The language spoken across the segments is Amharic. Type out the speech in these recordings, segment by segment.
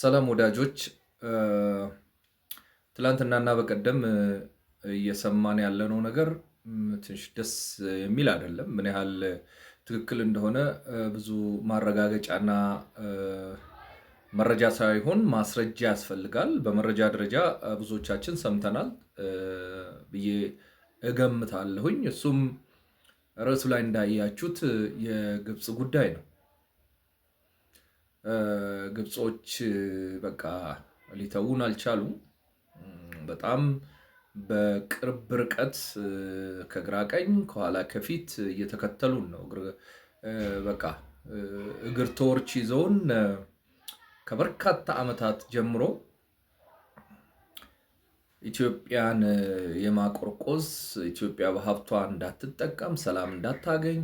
ሰላም ወዳጆች፣ ትላንትናና በቀደም እየሰማን ያለነው ነገር ትንሽ ደስ የሚል አይደለም። ምን ያህል ትክክል እንደሆነ ብዙ ማረጋገጫና መረጃ ሳይሆን ማስረጃ ያስፈልጋል። በመረጃ ደረጃ ብዙዎቻችን ሰምተናል ብዬ እገምታለሁኝ። እሱም ርዕሱ ላይ እንዳያችሁት የግብፅ ጉዳይ ነው። ግብጾች በቃ ሊተውን አልቻሉም። በጣም በቅርብ ርቀት ከግራ ቀኝ ከኋላ ከፊት እየተከተሉን ነው። በቃ እግር ተወርች ይዘውን ከበርካታ ዓመታት ጀምሮ ኢትዮጵያን የማቆርቆዝ ኢትዮጵያ በሀብቷ እንዳትጠቀም ሰላም እንዳታገኝ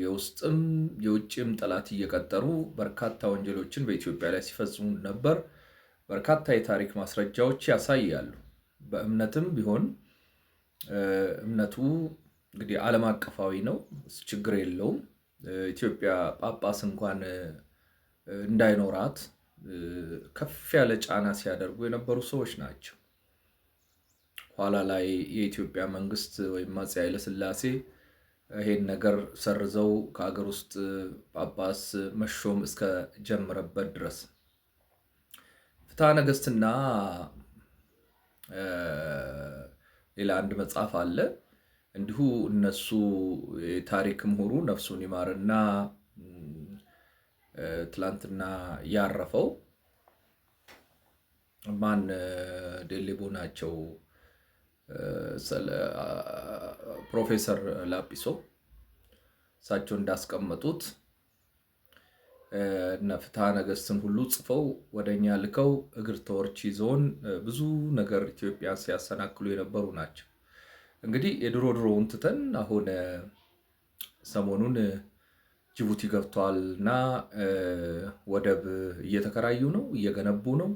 የውስጥም የውጭም ጠላት እየቀጠሩ በርካታ ወንጀሎችን በኢትዮጵያ ላይ ሲፈጽሙ ነበር። በርካታ የታሪክ ማስረጃዎች ያሳያሉ። በእምነትም ቢሆን እምነቱ እንግዲህ ዓለም አቀፋዊ ነው፣ ችግር የለውም። ኢትዮጵያ ጳጳስ እንኳን እንዳይኖራት ከፍ ያለ ጫና ሲያደርጉ የነበሩ ሰዎች ናቸው። ኋላ ላይ የኢትዮጵያ መንግስት ወይም አፄ ስላሴ። ይሄን ነገር ሰርዘው ከሀገር ውስጥ ጳጳስ መሾም እስከ ጀመረበት ድረስ ፍትሐ ነገሥትና ሌላ አንድ መጽሐፍ አለ። እንዲሁ እነሱ የታሪክ ምሁሩ ነፍሱን ይማርና ትላንትና ያረፈው ማን ዴሌቦ ናቸው ፕሮፌሰር ላጲሶ እሳቸው እንዳስቀመጡት እና ፍትሐ ነገሥትን ሁሉ ጽፈው ወደ እኛ ልከው እግር ተወርች ይዘውን ብዙ ነገር ኢትዮጵያ ሲያሰናክሉ የነበሩ ናቸው። እንግዲህ የድሮ ድሮውን ትተን አሁን ሰሞኑን ጅቡቲ ገብተዋል እና ወደብ እየተከራዩ ነው፣ እየገነቡ ነው።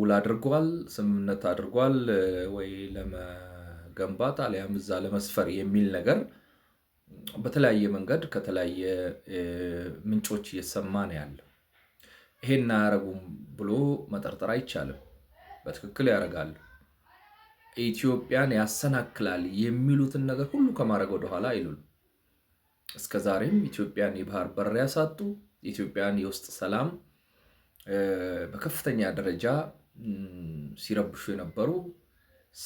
ውል አድርጓል፣ ስምምነት አድርጓል ወይ ለመገንባት አሊያም እዛ ለመስፈር የሚል ነገር በተለያየ መንገድ ከተለያየ ምንጮች እየሰማ ነው ያለው። ይሄን አያረጉም ብሎ መጠርጠር አይቻልም። በትክክል ያደርጋሉ። ኢትዮጵያን ያሰናክላል የሚሉትን ነገር ሁሉ ከማድረግ ወደኋላ አይሉም። እስከ ዛሬም ኢትዮጵያን የባህር በር ያሳጡ፣ ኢትዮጵያን የውስጥ ሰላም በከፍተኛ ደረጃ ሲረብሹ የነበሩ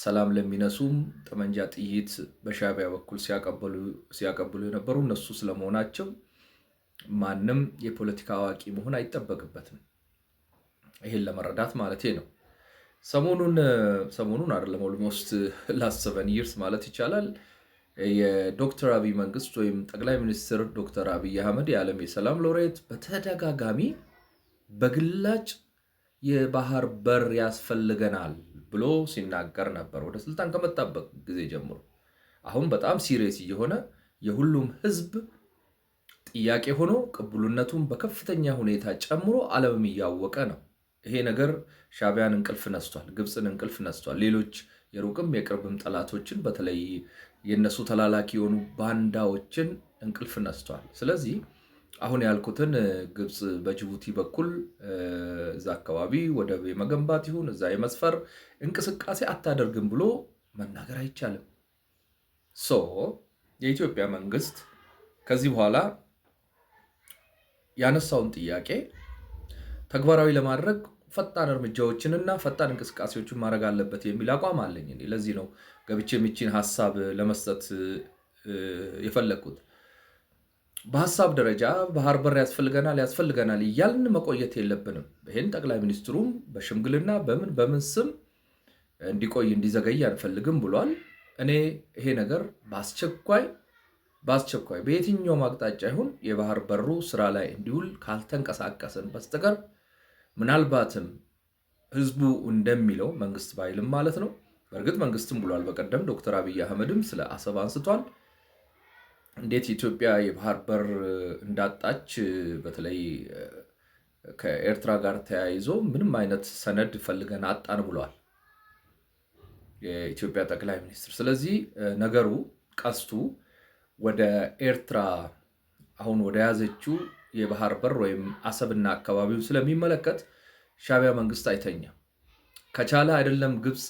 ሰላም ለሚነሱም ጠመንጃ ጥይት በሻቢያ በኩል ሲያቀብሉ የነበሩ እነሱ ስለመሆናቸው ማንም የፖለቲካ አዋቂ መሆን አይጠበቅበትም። ይሄን ለመረዳት ማለቴ ነው። ሰሞኑን ሰሞኑን አይደለም ኦልሞስት ላስት ሰቨን ይርስ ማለት ይቻላል የዶክተር አብይ መንግስት ወይም ጠቅላይ ሚኒስትር ዶክተር አብይ አህመድ የዓለም የሰላም ሎሬት በተደጋጋሚ በግላጭ የባህር በር ያስፈልገናል ብሎ ሲናገር ነበር ወደ ስልጣን ከመጣበት ጊዜ ጀምሮ። አሁን በጣም ሲሪየስ እየሆነ የሁሉም ህዝብ ጥያቄ ሆኖ ቅቡልነቱን በከፍተኛ ሁኔታ ጨምሮ ዓለምም እያወቀ ነው። ይሄ ነገር ሻቢያን እንቅልፍ ነስቷል፣ ግብፅን እንቅልፍ ነስቷል። ሌሎች የሩቅም የቅርብም ጠላቶችን በተለይ የእነሱ ተላላኪ የሆኑ ባንዳዎችን እንቅልፍ ነስቷል። ስለዚህ አሁን ያልኩትን ግብፅ በጅቡቲ በኩል እዛ አካባቢ ወደብ የመገንባት ይሁን እዛ የመስፈር እንቅስቃሴ አታደርግም ብሎ መናገር አይቻልም። ሶ የኢትዮጵያ መንግስት ከዚህ በኋላ ያነሳውን ጥያቄ ተግባራዊ ለማድረግ ፈጣን እርምጃዎችንና ፈጣን እንቅስቃሴዎችን ማድረግ አለበት የሚል አቋም አለኝ። ለዚህ ነው ገብቼ የሚችን ሀሳብ ለመስጠት የፈለግኩት። በሀሳብ ደረጃ ባህር በር ያስፈልገናል ያስፈልገናል እያልን መቆየት የለብንም። ይህን ጠቅላይ ሚኒስትሩም በሽምግልና በምን በምን ስም እንዲቆይ እንዲዘገይ አንፈልግም ብሏል። እኔ ይሄ ነገር በአስቸኳይ በአስቸኳይ በየትኛውም አቅጣጫ ይሁን የባህር በሩ ስራ ላይ እንዲውል ካልተንቀሳቀስን በስተቀር ምናልባትም ህዝቡ እንደሚለው መንግስት ባይልም ማለት ነው። በእርግጥ መንግስትም ብሏል። በቀደም ዶክተር አብይ አህመድም ስለ አሰብ አንስቷል። እንዴት ኢትዮጵያ የባህር በር እንዳጣች በተለይ ከኤርትራ ጋር ተያይዞ ምንም አይነት ሰነድ ፈልገን አጣን ብሏል የኢትዮጵያ ጠቅላይ ሚኒስትር። ስለዚህ ነገሩ ቀስቱ ወደ ኤርትራ አሁን ወደ ያዘችው የባህር በር ወይም አሰብና አካባቢውን ስለሚመለከት ሻቢያ መንግስት አይተኛም። ከቻለ አይደለም ግብፅ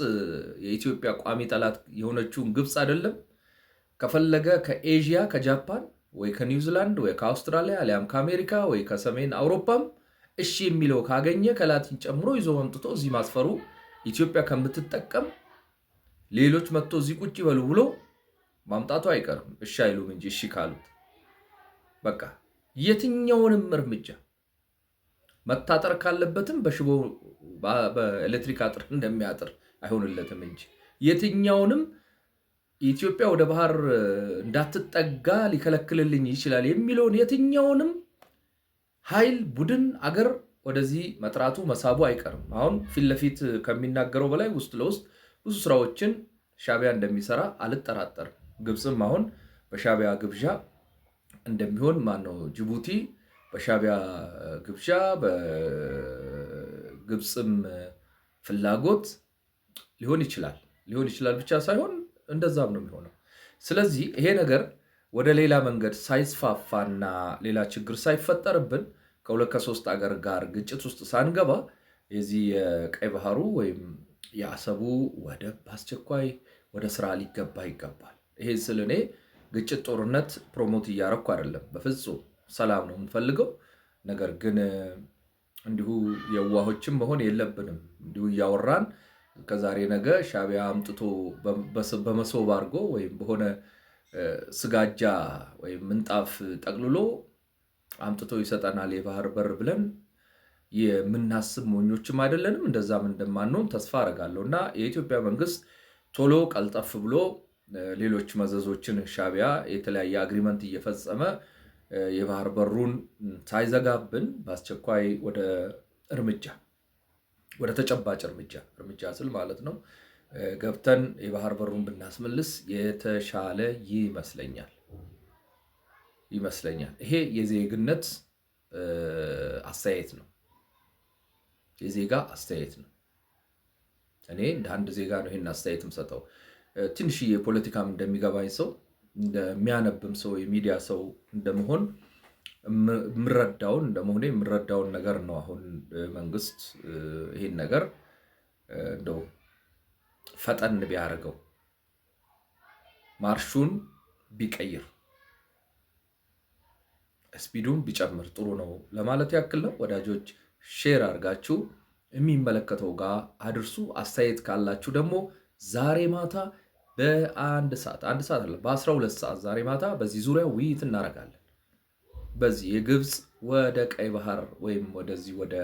የኢትዮጵያ ቋሚ ጠላት የሆነችውን ግብፅ አይደለም ከፈለገ ከኤዥያ ከጃፓን ወይ ከኒውዚላንድ ወይ ከአውስትራሊያ አሊያም ከአሜሪካ ወይ ከሰሜን አውሮፓም እሺ የሚለው ካገኘ ከላቲን ጨምሮ ይዞ መምጥቶ እዚህ ማስፈሩ ኢትዮጵያ ከምትጠቀም ሌሎች መጥቶ እዚህ ቁጭ ይበሉ ብሎ ማምጣቱ አይቀርም። እሺ አይሉም እንጂ እሺ ካሉት በቃ የትኛውንም እርምጃ መታጠር ካለበትም በሽቦ በኤሌክትሪክ አጥር እንደሚያጥር አይሆንለትም እንጂ የትኛውንም ኢትዮጵያ ወደ ባህር እንዳትጠጋ ሊከለክልልኝ ይችላል የሚለውን የትኛውንም ኃይል፣ ቡድን፣ አገር ወደዚህ መጥራቱ መሳቡ አይቀርም። አሁን ፊት ለፊት ከሚናገረው በላይ ውስጥ ለውስጥ ብዙ ስራዎችን ሻቢያ እንደሚሰራ አልጠራጠርም። ግብፅም አሁን በሻቢያ ግብዣ እንደሚሆን ማን ነው ጅቡቲ በሻቢያ ግብዣ በግብፅም ፍላጎት ሊሆን ይችላል ሊሆን ይችላል ብቻ ሳይሆን እንደዛም ነው የሚሆነው። ስለዚህ ይሄ ነገር ወደ ሌላ መንገድ ሳይስፋፋና ሌላ ችግር ሳይፈጠርብን ከሁለት ከሶስት አገር ጋር ግጭት ውስጥ ሳንገባ የዚህ የቀይ ባህሩ ወይም የአሰቡ ወደብ በአስቸኳይ ወደ ስራ ሊገባ ይገባል። ይሄ ስል እኔ ግጭት፣ ጦርነት ፕሮሞት እያረኩ አይደለም። በፍጹም ሰላም ነው የምንፈልገው። ነገር ግን እንዲሁ የዋሆችም መሆን የለብንም። እንዲሁ እያወራን ከዛሬ ነገ ሻቢያ አምጥቶ በመሶብ አድርጎ ወይም በሆነ ስጋጃ ወይም ምንጣፍ ጠቅልሎ አምጥቶ ይሰጠናል የባህር በር ብለን የምናስብ ሞኞችም አይደለንም። እንደዛም እንደማንሆን ተስፋ አረጋለሁ እና የኢትዮጵያ መንግስት ቶሎ ቀልጠፍ ብሎ ሌሎች መዘዞችን ሻቢያ የተለያየ አግሪመንት እየፈጸመ የባህር በሩን ሳይዘጋብን በአስቸኳይ ወደ እርምጃ ወደ ተጨባጭ እርምጃ እርምጃ ስል ማለት ነው ገብተን የባህር በሩን ብናስመልስ የተሻለ ይመስለኛል ይመስለኛል። ይሄ የዜግነት አስተያየት ነው፣ የዜጋ አስተያየት ነው። እኔ እንደ አንድ ዜጋ ነው ይህን አስተያየት የምሰጠው። ትንሽዬ ፖለቲካም እንደሚገባኝ ሰው እንደሚያነብም ሰው የሚዲያ ሰው እንደመሆን የምረዳውን እንደመሆኔ የምረዳውን ነገር ነው። አሁን መንግስት ይሄን ነገር እንደው ፈጠን ቢያደርገው ማርሹን ቢቀይር ስፒዱን ቢጨምር ጥሩ ነው ለማለት ያክል ነው። ወዳጆች ሼር አድርጋችሁ የሚመለከተው ጋር አድርሱ። አስተያየት ካላችሁ ደግሞ ዛሬ ማታ በአንድ ሰዓት አንድ ሰዓት አለ በአስራ ሁለት ሰዓት ዛሬ ማታ በዚህ ዙሪያ ውይይት እናደርጋለን። በዚህ የግብፅ ወደ ቀይ ባህር ወይም ወደዚህ ወደ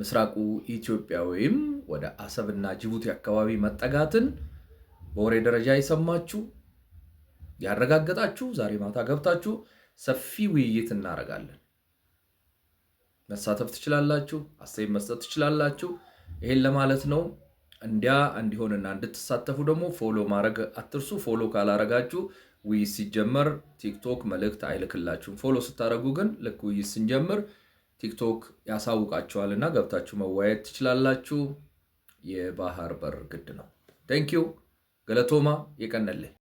ምስራቁ ኢትዮጵያ ወይም ወደ አሰብና ጅቡቲ አካባቢ መጠጋትን በወሬ ደረጃ የሰማችሁ ያረጋገጣችሁ ዛሬ ማታ ገብታችሁ ሰፊ ውይይት እናደርጋለን። መሳተፍ ትችላላችሁ። አስተያየት መስጠት ትችላላችሁ። ይሄን ለማለት ነው። እንዲያ እንዲሆንና እንድትሳተፉ ደግሞ ፎሎ ማድረግ አትርሱ። ፎሎ ካላረጋችሁ ውይይት ሲጀመር ቲክቶክ መልእክት አይልክላችሁም። ፎሎ ስታደርጉ ግን ልክ ውይይት ስንጀምር ቲክቶክ ያሳውቃችኋል እና ገብታችሁ መወያየት ትችላላችሁ። የባህር በር ግድ ነው። ቴንኪው ገለቶማ የቀነልህ